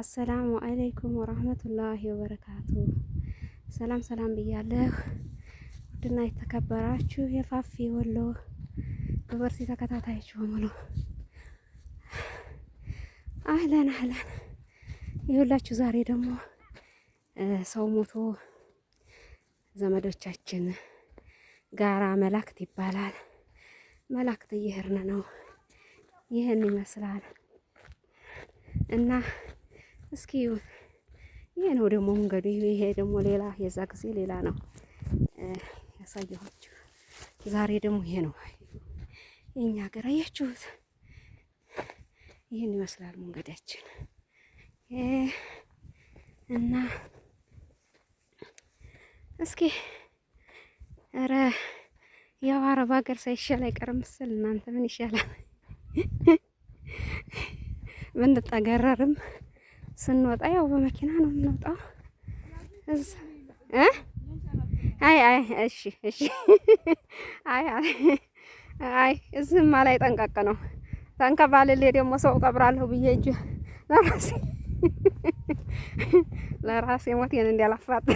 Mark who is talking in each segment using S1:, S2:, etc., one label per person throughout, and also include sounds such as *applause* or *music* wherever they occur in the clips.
S1: አሰላሙ አለይኩም ወራህመቱላሂ ወበረካቱ። ሰላም ሰላም ብያለሁ። ውድና የተከበራችሁ የፋፊ ወሎ ዩኒቨርሲቲ ተከታታዮች በሙሉ አህለን አህለን። ይሁላችሁ ዛሬ ደግሞ ሰው ሞቶ ዘመዶቻችን ጋራ መላክት ይባላል። መላክት እየሄድን ነው። ይህን ይመስላል እና እስኪ ይሄ ነው ደግሞ መንገዱ። ይሄ ደግሞ ሌላ የዛ ጊዜ ሌላ ነው ያሳየኋችሁ። ዛሬ ደግሞ ይሄ ነው የኛ ሀገር። አያችሁት? ይህን ይመስላል መንገዳችን እና እስኪ ኧረ ያው አረብ ሀገር ሳይሻል አይቀርም ምስል እናንተ ምን ይሻላል ብንጠገረርም *laughs* ስንወጣ ያው በመኪና ነው የምንወጣው። አይ አይ እሺ እሺ አይ አይ እዚህማ ላይ ጠንቀቅ ነው። ተንከባልሌ ደግሞ ሰው ቀብራለሁ ብዬ እጅ ለራሴ ለራሴ ሞቴን እንዲያላፋጥ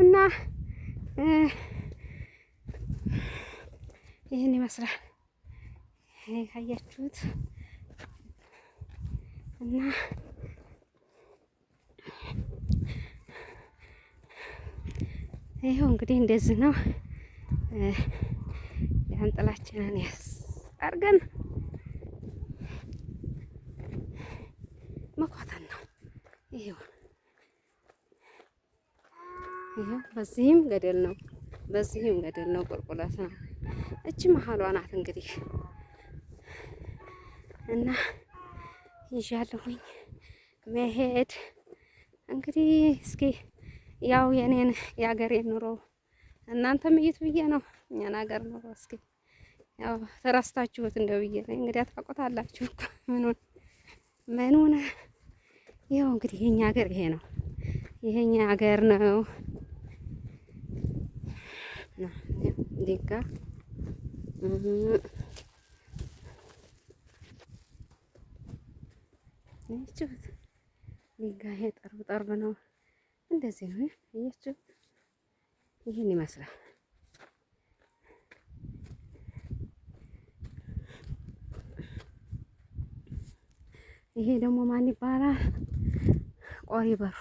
S1: እና ይህን ይመስላል ካያችሁት እና ይኸው እንግዲህ እንደዚህ ነው። ጃንጥላችንን ያስ አድርገን መኳተን ነው። ይኸው ይኸው በዚህም ገደል ነው፣ በዚህም ገደል ነው፣ ቁልቁለት ነው። እቺ መሀሏ ናት እንግዲህ እና ይዣለሁኝ መሄድ እንግዲህ እስኪ ያው የኔን የሀገሬ ኑሮ እናንተም እይት ብዬ ነው እኛን ሀገር ኑሮ እስኪ ያው ተረስታችሁት እንደው ብዬ ነው እንግዲህ አታውቁታላችሁ እኮ ምኑን ምኑን ያው እንግዲህ የኛ ሀገር ይሄ ነው ይሄኛ ሀገር ነው ዲጋ ይችሁት ዲጋ ይሄ ጠርብ ጠርብ ነው እንደዚህ ነው። አያችሁ፣ ይህን ይመስላል። ይሄ ደግሞ ማን ይባላል? ቆሪ በሩ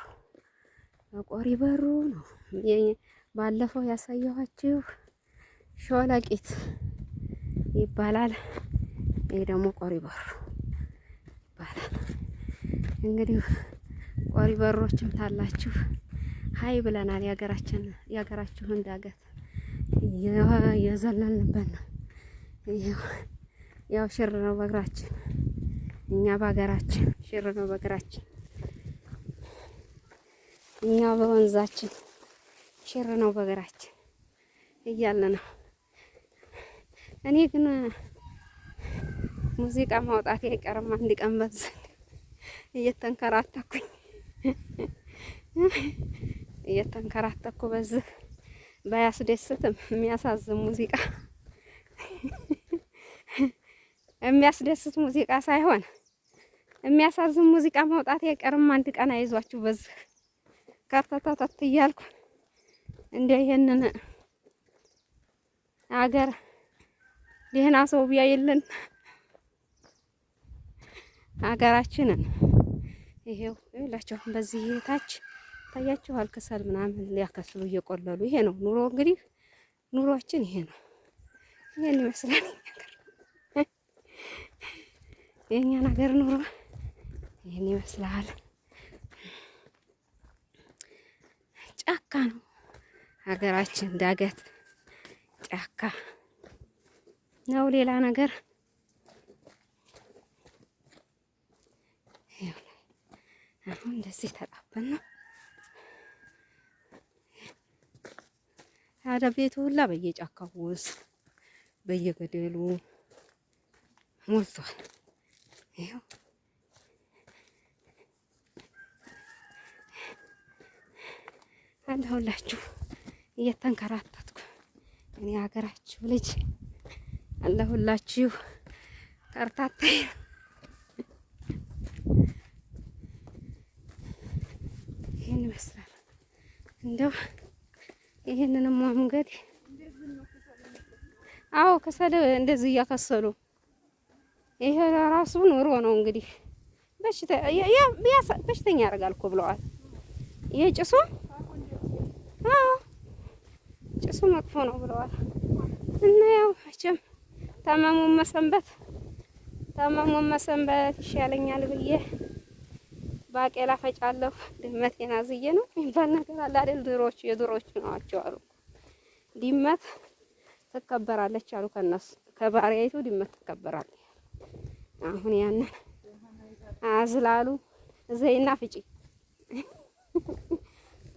S1: ቆሪ በሩ ነው። ባለፈው ያሳየኋችሁ ሾለቂት ይባላል። ይሄ ደግሞ ቆሪ በሩ ይባላል። እንግዲህ ቆሪ በሮችም ታላችሁ። ሀይ ብለናል። የሀገራችን የሀገራችሁን ዳገት የዘለልንበት ነው። ያው ሽር ነው በእግራችን እኛ በሀገራችን ሽር ነው በእግራችን እኛ በወንዛችን ሽር ነው በእግራችን እያለ ነው። እኔ ግን ሙዚቃ ማውጣት አይቀርም አንድ ቀን በዝ እየተንከራተኩኝ እየተንከራተኩ በዚህ ባያስደስትም የሚያሳዝን ሙዚቃ የሚያስደስት ሙዚቃ ሳይሆን የሚያሳዝን ሙዚቃ መውጣት የቀርም አንድ ቀን አይዟችሁ በዚህ ከርተተተት እያልኩ እንደ ይሄንን አገር ደህና ሰው ቢያይልን አገራችንን ይሄው ይላችሁ በዚህ ታች ታያችኋል። ከሰል ምናምን ሊያከስሉ እየቆለሉ ይሄ ነው ኑሮ። እንግዲህ ኑሮአችን ይሄ ነው። ይሄን ይመስላል የእኛን ነገር ኑሮ ይህን ይመስላል። ጫካ ነው ሀገራችን፣ ዳገት ጫካ ነው። ሌላ ነገር አሁን እንደዚህ ተጣበን ነው። ታዲያ ቤቱ ሁላ በየጫካው ውስጥ በየገደሉ ሞልቷል። ይኸው አለሁላችሁ እየተንከራተትኩ እኔ ሀገራችሁ ልጅ አለሁላችሁ። ከርታታ ይህን ይመስላል እንደው ይሄንን ማምገድ አዎ ከሰል እንደዚህ እያከሰሉ ይሄ ራሱ ኑሮ ነው እንግዲህ በሽተኛ ያደርጋል እኮ ብለዋል። ይሄ ጭሱ ጭሱ መጥፎ ነው ብለዋል። እና ያው መቼም ታመሙን መሰንበት ታመሙን መሰንበት ይሻለኛል ብዬ ባቄላ ፈጫለሁ ድመቴን አዝዬ ነው የሚባል ነገር አለ አይደል? ድሮቹ የድሮቹ ናቸው አሉ። ድመት ትከበራለች አሉ ከነሱ ከባሪያይቱ ድመት ትከበራለች። አሁን ያንን አዝላሉ ዘይና ፍጪ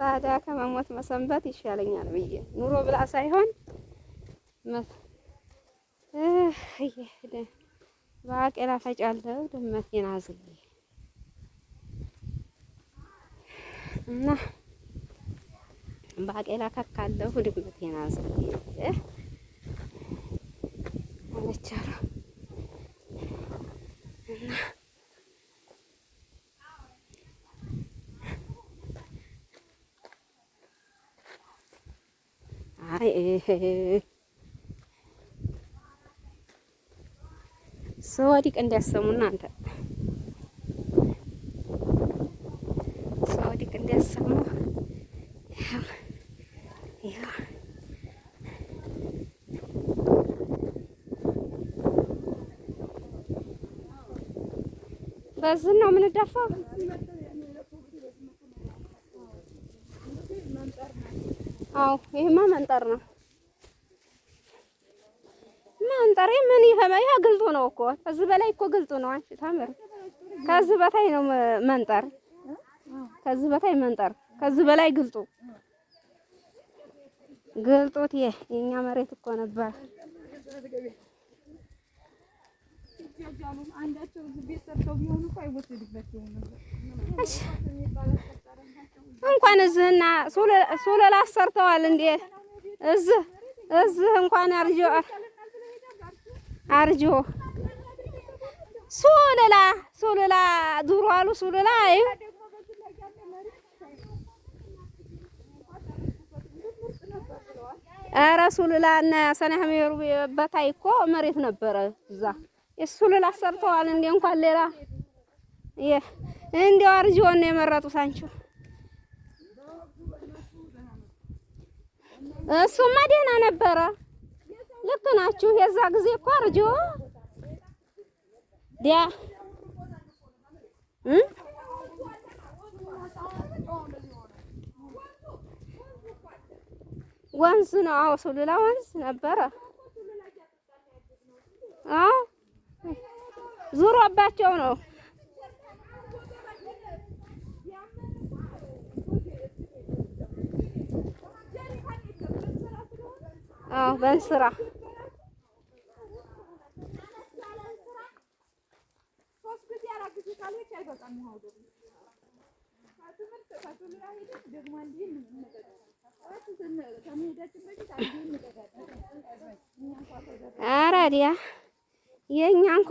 S1: ታዲያ ከመሞት መሰንበት ይሻለኛል ብዬ ኑሮ ብላ ሳይሆን ባቄላ ፈጫለሁ ድመቴን አዝዬ እና ባቄላ ከካለሁ ድንገቴን አዘለ አለቻለ እና ሰው ወዲቅ እንዲያሰሙ እናንተ በዝን ነው የምንደፋው። አዎ ይሄማ መንጠር ነው። መንጠሬ ምን ይሄ ግልጡ ነው እኮ ከዚህ በላይ እኮ ግልጡ ነው። አንቺ ታምር ከዚህ በታይ ነው መንጠር፣ ከዚህ በታይ መንጠር፣ ከዚህ በላይ ግልጡ ግልጡት። የኛ መሬት እኮ ነበር። አይጃጃሉም። አንዳቸው ቤት ሰርተው ቢሆን እኮ አይወሰድበት ነበር። እንኳን እዚህና ሱለላ ሰርተዋል እንዴ! እዚህ እዚህ እንኳን አርጆ አርጆ ሱለላ ሱለላ ዱሮ አሉ ሱለላ አይ ኧረ ሱለላ እና ሰናህ ሜሩ በታይ እኮ መሬት ነበረ እዛ እሱ ልል እንዴ እንኳን ሌላ እንዲያው አርጅዎን ነው የመረጡት አንቺው እሱማ ደህና ነበረ። ልክ ናችሁ። የዛ ጊዜ እኮ አርጅዎ ዲያ ወንዝ ነው አዎ፣ ሱሉላ ወንዝ ነበረ። አዎ ዙሮባቸው ነው። አዎ በእንስራ አረዲያ የእኛ እንኳ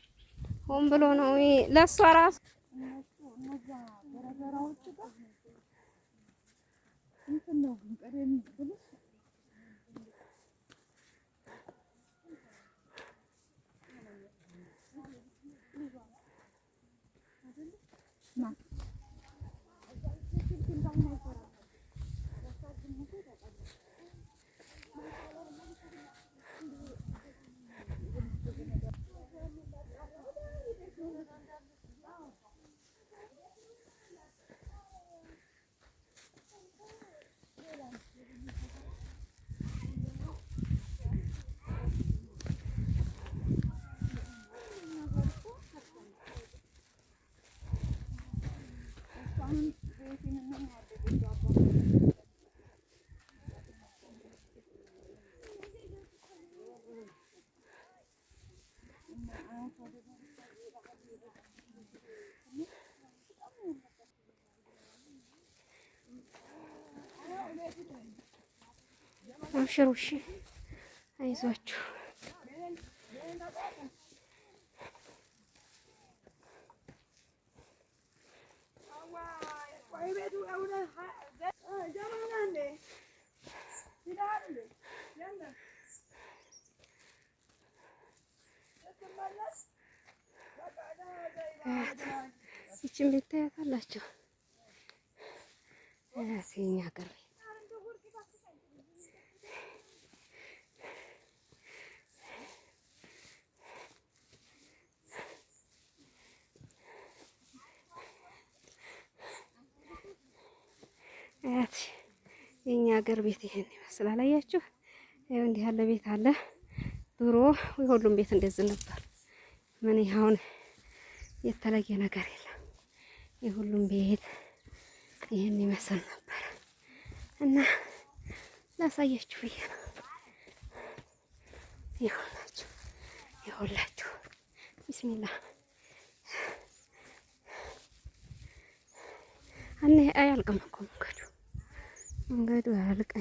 S1: ሆን ብሎ ነው ለእሷ ራሱ ነው አብሽሩ እሺ፣ አይዟችሁ። ይችን ቤት ታያታላችሁ። የኛ ሀገር አያት የኛ ሀገር ቤት ይሄን ይመስላል። አያችሁ፣ ይኸው እንዲህ ያለ ቤት አለ። ድሮ ሁሉም ቤት እንደዚህ ነበር። ምን አሁን የተለየ ነገር የለም። የሁሉም ቤት ይህን ይመስል ነበር እና ላሳያችሁ ብዬ ነው። ይሁናችሁ ይሁላችሁ። ቢስሚላ አነ አያልቅም እኮ መንገዱ መንገዱ አያልቅ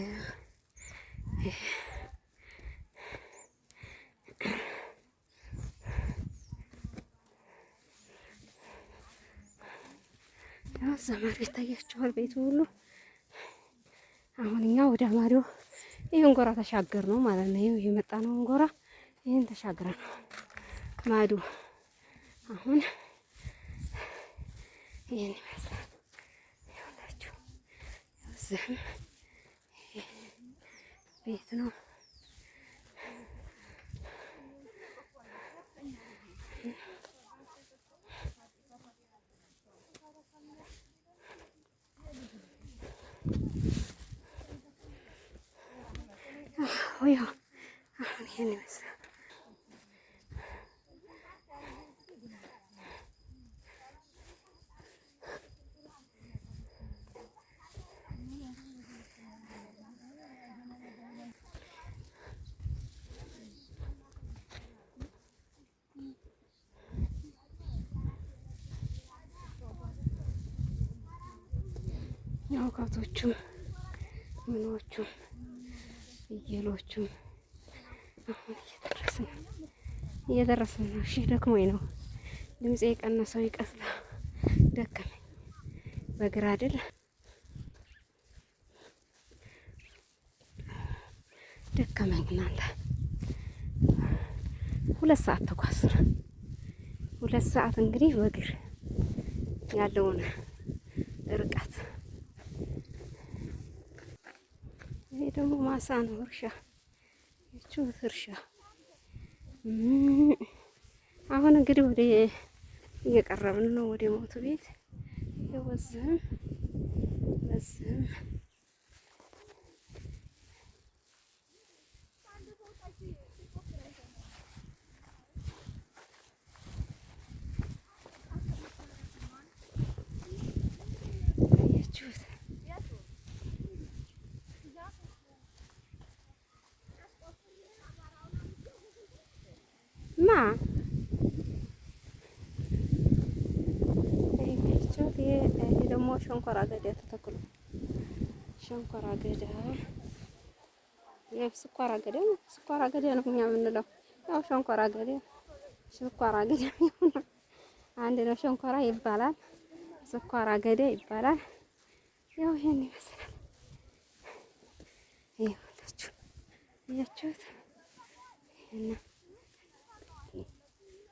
S1: እዛ ይታያቸዋል ቤቱ ሁሉ። አሁን እኛ ወደ ማዶ ይህ እንጎራ ተሻገር ነው ማለት ነው። ይህ የመጣ ነው እንጎራ ይህን ተሻግረ ነው ማዶ። አሁን ይህን ይመስላል ይሁላችሁ። እዚህም ቤት ነው። 커요. 아, 미안해서. 여가도 좀 문어 좀 ፍየሎቹም አሁን እየደረስን እየደረስን ነው። እሺ ደክሞኝ ነው ድምፄ የቀነሰው ይቀስታ ደከመኝ። በግራ አይደል ደከመኝ። እናንተ ሁለት ሰዓት ተጓዝ ሁለት ሰዓት እንግዲህ ያለውን ርቀት ደግሞ ማሳ ነው እርሻ የችሁት እርሻ አሁን እንግዲህ ወደ እየቀረብን ነው ወደ ሞቱ ቤት የወዝህም በዝህም ይቻት ይሄ ደግሞ ሸንኮራ አገዳ ተተክሎ ሸንኮራ አገዳ ስኳር አገዳ ነው። ስኳር አገዳ ነው እኛ የምንለው ያው ሸንኮራ አገዳ ስኳር አገዳ አንድ ነው። ሸንኮራ ይባላል፣ ስኳር አገዳ ይባላል። ያው ይሄን ይመስላል። ይኸውላችሁ እያችሁት ይሄን